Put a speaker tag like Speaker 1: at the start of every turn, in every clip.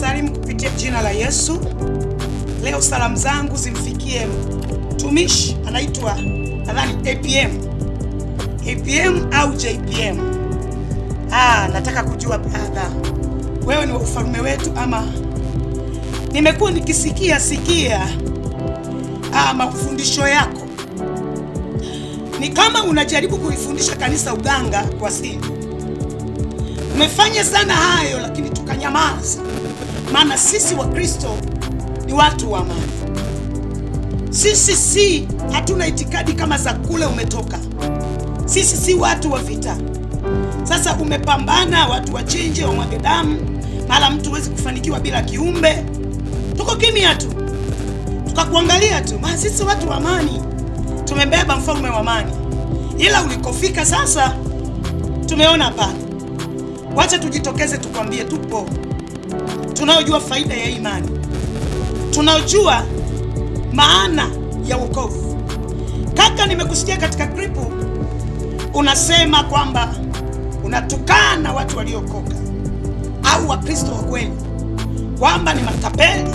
Speaker 1: ninakusalimu kupitia jina la Yesu. Leo salamu zangu zimfikie mtumishi anaitwa nadhani APM, APM au JPM. Ah, nataka kujua brother, wewe ni wa ufalme wetu ama? Nimekuwa nikisikia sikia ah, mafundisho yako ni kama unajaribu kuifundisha kanisa uganga kwa siri. Umefanya sana hayo, lakini tukanyamaza maana sisi wa kristo ni watu wa amani. Sisi si hatuna itikadi kama za kule umetoka. Sisi si watu wa vita. Sasa umepambana, watu wachinje, wamwage damu, mara mtu huwezi kufanikiwa bila kiumbe. Tuko kimya tu tukakuangalia tu, maana sisi watu wa amani, tumebeba mfalme wa amani. Ila ulikofika sasa tumeona pa, Wacha tujitokeze, tukwambie tupo tunaojua faida ya imani, tunaojua maana ya wokovu. Kaka, nimekusikia katika kripu unasema kwamba unatukana watu waliokoka au Wakristo wa kweli kwamba ni matapeli,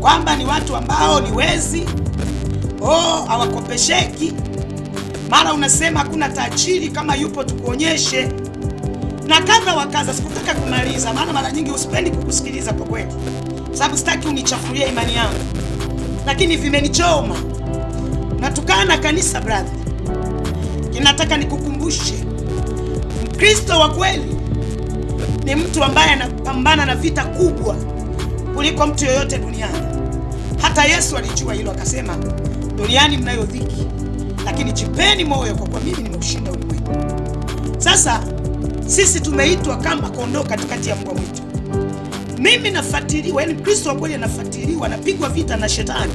Speaker 1: kwamba ni watu ambao ni wezi, oh, hawakopesheki. Mara unasema hakuna tajiri, kama yupo tukuonyeshe na kadha wa kadha. Sikutaka kumaliza, maana mara nyingi usipendi kukusikiliza kwa kweli, sababu sitaki unichafulie imani yangu, lakini vimenichoma. Natukana kanisa brother, kinataka nikukumbushe, Mkristo wa kweli ni mtu ambaye anapambana na vita kubwa kuliko mtu yoyote duniani. Hata Yesu alijua hilo, akasema duniani mnayo dhiki, lakini jipeni moyo, kwa kuwa mimi nimeushinda ulimwengu. Sasa sisi tumeitwa kama kondoo katikati ya mbwa mwitu. Mimi nafuatiliwa, yani Mkristo wa kweli anafuatiliwa, anapigwa vita na shetani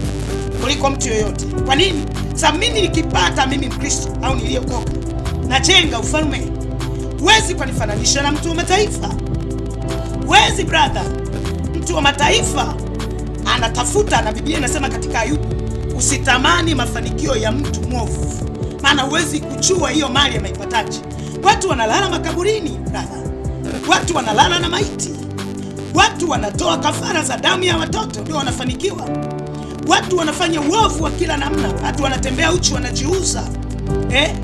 Speaker 1: kuliko mtu yoyote. Kwa nini? Sasa mimi nikipata mimi Mkristo au niliyokoka najenga ufalme, huwezi kunifananisha na mtu wa mataifa, huwezi brother. Mtu wa mataifa anatafuta, na Biblia inasema katika Ayubu, usitamani mafanikio ya mtu mwovu, maana huwezi kujua hiyo mali ameipataje. Watu wanalala makaburini, brother. Watu wanalala na maiti. Watu wanatoa kafara za damu ya watoto ndio wanafanikiwa. Watu wanafanya uovu wa kila namna. Watu wanatembea uchi, wanajiuza eh?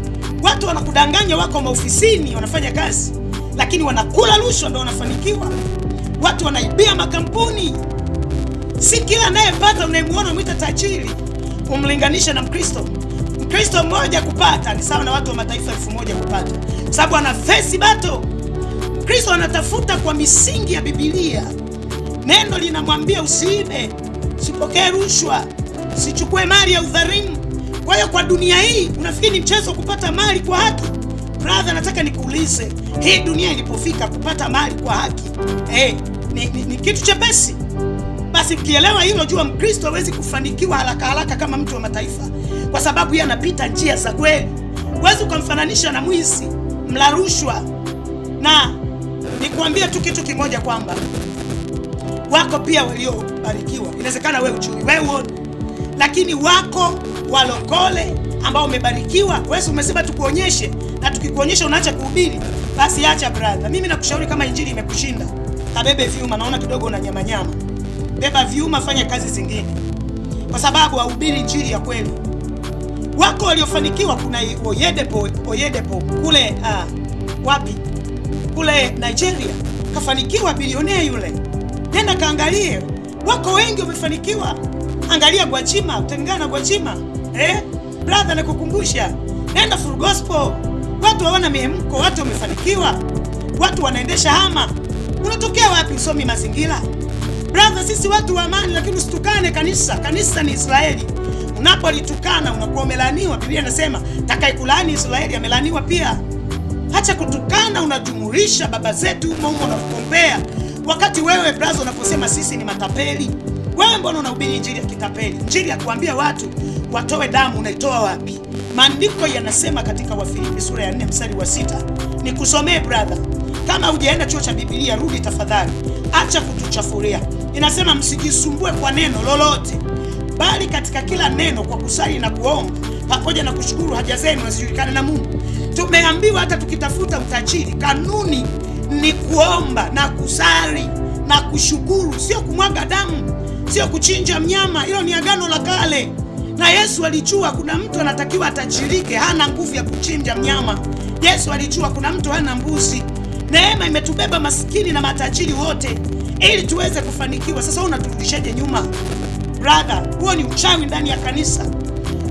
Speaker 1: Watu wanakudanganya, wako maofisini wanafanya kazi, lakini wanakula rushwa ndio wanafanikiwa. Watu wanaibia makampuni. Si kila anayepata unayemwona mwita tajiri, umlinganisha na Mkristo. Mkristo mmoja kupata ni sawa na watu wa mataifa elfu moja kupata, sababu ana face battle. Mkristo anatafuta kwa misingi ya Biblia. Neno linamwambia usiibe, usipokee rushwa, usichukue mali ya udhalimu. Kwa hiyo kwa dunia hii unafikiri ni mchezo kupata mali kwa haki? Brother, nataka nikuulize, hii dunia ilipofika kupata mali kwa haki hey, eh, ni, ni, ni kitu chepesi? Basi ukielewa hilo, jua Mkristo hawezi kufanikiwa haraka haraka kama mtu wa mataifa kwa sababu yeye anapita njia za kweli. Huwezi ukamfananisha na mwizi mla rushwa. Na nikuambie tu kitu kimoja kwamba wako pia waliobarikiwa. Inawezekana wewe uchumi wewe uone, lakini wako walokole ambao umebarikiwa. Wewe umesema tukuonyeshe, na tukikuonyesha unaacha kuhubiri, basi acha brother. Mimi nakushauri kama injili imekushinda kabebe vyuma, naona kidogo una nyamanyama, beba vyuma, fanya kazi zingine, kwa sababu wahubiri injili ya kweli wako waliofanikiwa. Kuna Oyedepo, Oyedepo kule uh, wapi kule Nigeria kafanikiwa, bilionea yule. Nenda kaangalie, wako wengi wamefanikiwa. Angalia Gwajima, utengana na Gwajima eh? Brother, nakukumbusha, nenda full gospel. Watu hawana mihemko, watu wamefanikiwa, watu wanaendesha hama. Unatokea wapi? Usomi mazingira brother, sisi watu wa amani, lakini usitukane kanisa. Kanisa ni Israeli Unapolitukana unakuwa umelaniwa. Biblia inasema takaikulaani Israeli amelaniwa pia. Hacha kutukana, unajumurisha baba zetu humo na unakombea. Wakati wewe brazo unaposema sisi ni matapeli, wewe mbona unahubiri injili ya kitapeli? Injili ya kuambia watu watoe damu, unaitoa wapi? Maandiko yanasema katika Wafilipi sura ya 4 mstari wa sita. Nikusomee brother, kama hujaenda chuo cha Biblia rudi tafadhali. Acha kutuchafuria, inasema msijisumbue kwa neno lolote bali katika kila neno kwa kusali na kuomba pamoja na kushukuru haja zenu nazijulikane na Mungu. Tumeambiwa hata tukitafuta mtajiri, kanuni ni kuomba na kusali na kushukuru, sio kumwaga damu, sio kuchinja mnyama. Hilo ni agano la kale, na Yesu alijua kuna mtu anatakiwa atajirike, hana nguvu ya kuchinja mnyama. Yesu alijua kuna mtu hana mbuzi. Neema imetubeba masikini na matajiri wote, ili tuweze kufanikiwa. Sasa unaturudishaje nyuma? brother, huo ni uchawi ndani ya kanisa.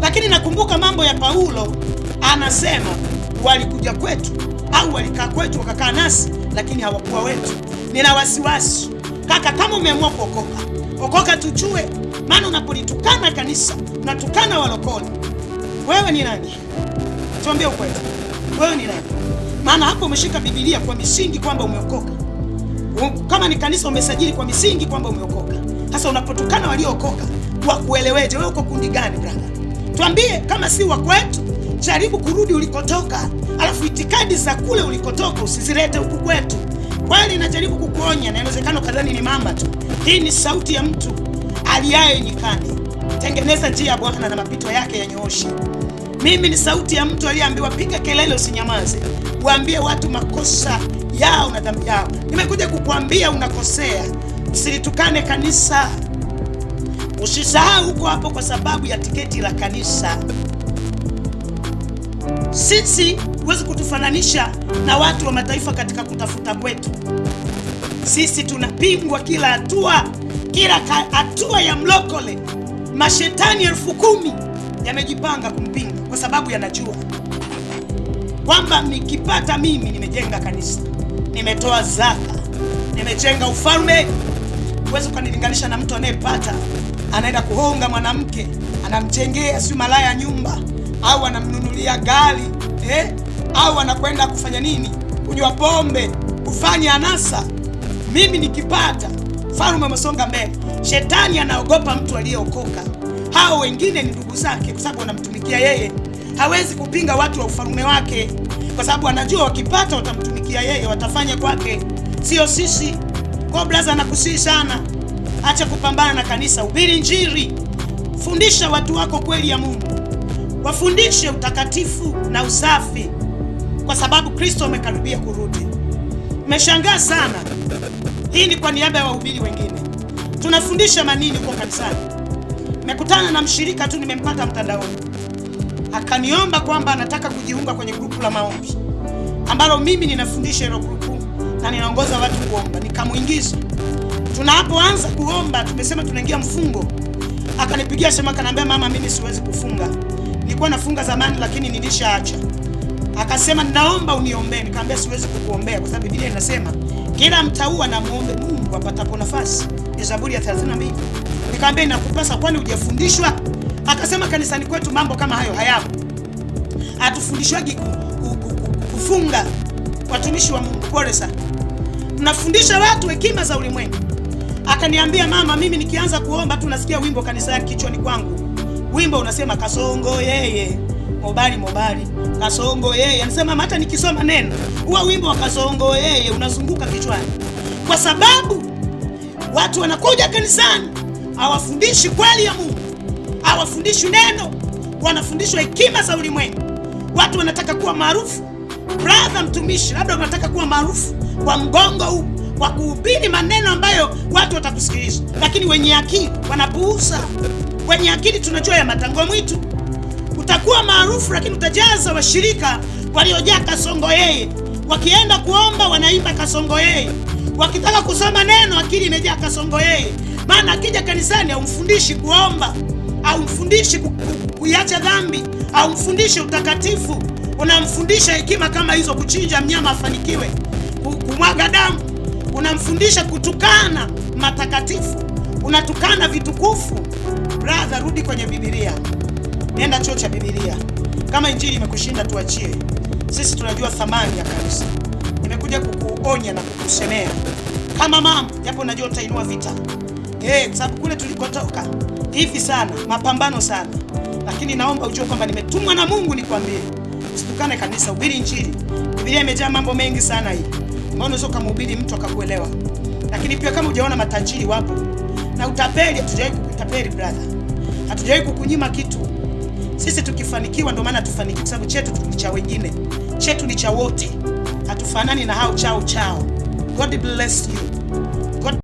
Speaker 1: Lakini nakumbuka mambo ya Paulo, anasema walikuja kwetu au walikaa kwetu wakakaa nasi, lakini hawakuwa wetu. Nina wasiwasi kaka, kama umeamua kuokoka, okoka tujue, maana unapolitukana kanisa unatukana walokole. Wewe ni nani? Tuambie ukweli, wewe ni nani? Maana hapo umeshika Biblia kwa misingi kwamba umeokoka. Kama ni kanisa umesajili kwa misingi kwamba umeokoka. Sasa unapotukana waliookoka wakueleweje? Wewe uko kundi gani brother? Tuambie kama si wa kwetu, jaribu kurudi ulikotoka, alafu itikadi za kule ulikotoka usizilete huku kwetu. Kweli najaribu kukuonya, na inawezekana kadhani ni mama tu. Hii ni sauti ya mtu aliaye nyikani. Tengeneza njia ya Bwana na mapito yake yanyooshe. Mimi ni sauti ya mtu aliyeambiwa piga kelele, usinyamaze, waambie watu makosa yao na dhambi yao. Nimekuja kukuambia unakosea Usilitukane kanisa. Usisahau uko hapo kwa sababu ya tiketi la kanisa. Sisi huwezi kutufananisha na watu wa mataifa katika kutafuta kwetu. Sisi tunapingwa kila hatua, kila hatua ya mlokole. Mashetani elfu kumi yamejipanga kumpinga kwa sababu yanajua kwamba nikipata mimi, nimejenga kanisa, nimetoa zaka, nimejenga ufalme Huwezi ukanilinganisha na mtu anayepata anaenda kuhonga mwanamke, anamchengea si malaya nyumba, au anamnunulia gari eh? au anakwenda kufanya nini, kunywa pombe, kufanya anasa. Mimi nikipata farume amesonga mbele. Shetani anaogopa mtu aliyeokoka. Hao wengine ni ndugu zake, kwa sababu wanamtumikia yeye. Hawezi kupinga watu wa ufalume wake, kwa sababu anajua wakipata watamtumikia yeye, watafanya kwake, sio sisi. Koblaza blaza, sana, acha kupambana na kanisa, ubiri njiri fundisha watu wako kweli ya Mungu, wafundishe utakatifu na usafi, kwa sababu Kristo amekaribia kurudi. meshangaa sana, hii ni kwa niaba ya wahubiri wengine. Tunafundisha manini huko kanisani? Nimekutana na mshirika tu nimempata mtandaoni, akaniomba kwamba anataka kujiunga kwenye grupu la maombi ambalo mimi ninafundisha hilo grupu na ninaongoza watu kuomba, nikamuingiza. Tunapoanza kuomba, tumesema tunaingia mfungo, akanipigia sema, akaniambia, mama, mimi siwezi kufunga, nilikuwa nafunga zamani lakini nilishaacha. Akasema, naomba uniombee. Nikamwambia, siwezi kukuombea kwa sababu Biblia inasema kila mtau na muombe Mungu apatapo nafasi, ni Zaburi ya 32. Nikamwambia, inakupasa kwani hujafundishwa? Akasema, kanisani kwetu mambo kama hayo hayapo, hatufundishwaji kufunga. Watumishi wa Mungu, pole sana tunafundisha watu hekima za ulimwengu. Akaniambia, mama, mimi nikianza kuomba tu nasikia wimbo kanisani kichwani kwangu. Wimbo unasema kasongo yeye mobali mobali, kasongo yeye. Anasema hata nikisoma neno huwa wimbo wa kasongo yeye unazunguka kichwani, kwa sababu watu wanakuja kanisani hawafundishi kweli ya Mungu, hawafundishi neno, wanafundishwa hekima za ulimwengu. Watu wanataka kuwa maarufu. Brother mtumishi, labda wanataka kuwa maarufu kwa mgongo huu kwa kuhubiri maneno ambayo watu watakusikiliza, lakini wenye akili wanapuuza. Wenye akili tunajua ya matango mwitu. Utakuwa maarufu, lakini utajaza washirika waliojaa kasongo yeye. Wakienda kuomba wanaimba kasongo yeye, wakitaka kusoma neno akili imejaa kasongo yeye. Maana akija kanisani haumfundishi kuomba, haumfundishi kuiacha dhambi, haumfundishi utakatifu, unamfundisha hekima kama hizo, kuchinja mnyama afanikiwe kumwaga damu, unamfundisha kutukana matakatifu, unatukana vitukufu. Brother, rudi kwenye Biblia, nenda chuo cha Biblia. Kama injili imekushinda tuachie sisi, tunajua thamani ya kanisa. Nimekuja kukuonya na kukusemea kama mama, japo najua utainua vita eh, sababu kule tulikotoka hivi sana mapambano sana, lakini naomba ujue kwamba nimetumwa na Mungu nikwambie, usitukane kanisa, ubiri injili. Biblia imejaa mambo mengi sana hii maana unaweza kumhubiri mtu akakuelewa, lakini pia kama ujaona matajiri wapo na utapeli. Hatujawahi kukutapeli brother, hatujawahi kukunyima kitu. Sisi tukifanikiwa ndio maana tufaniki kwa sababu chetu ni cha wengine, chetu ni cha wote, hatufanani na hao chao chao. God bless you.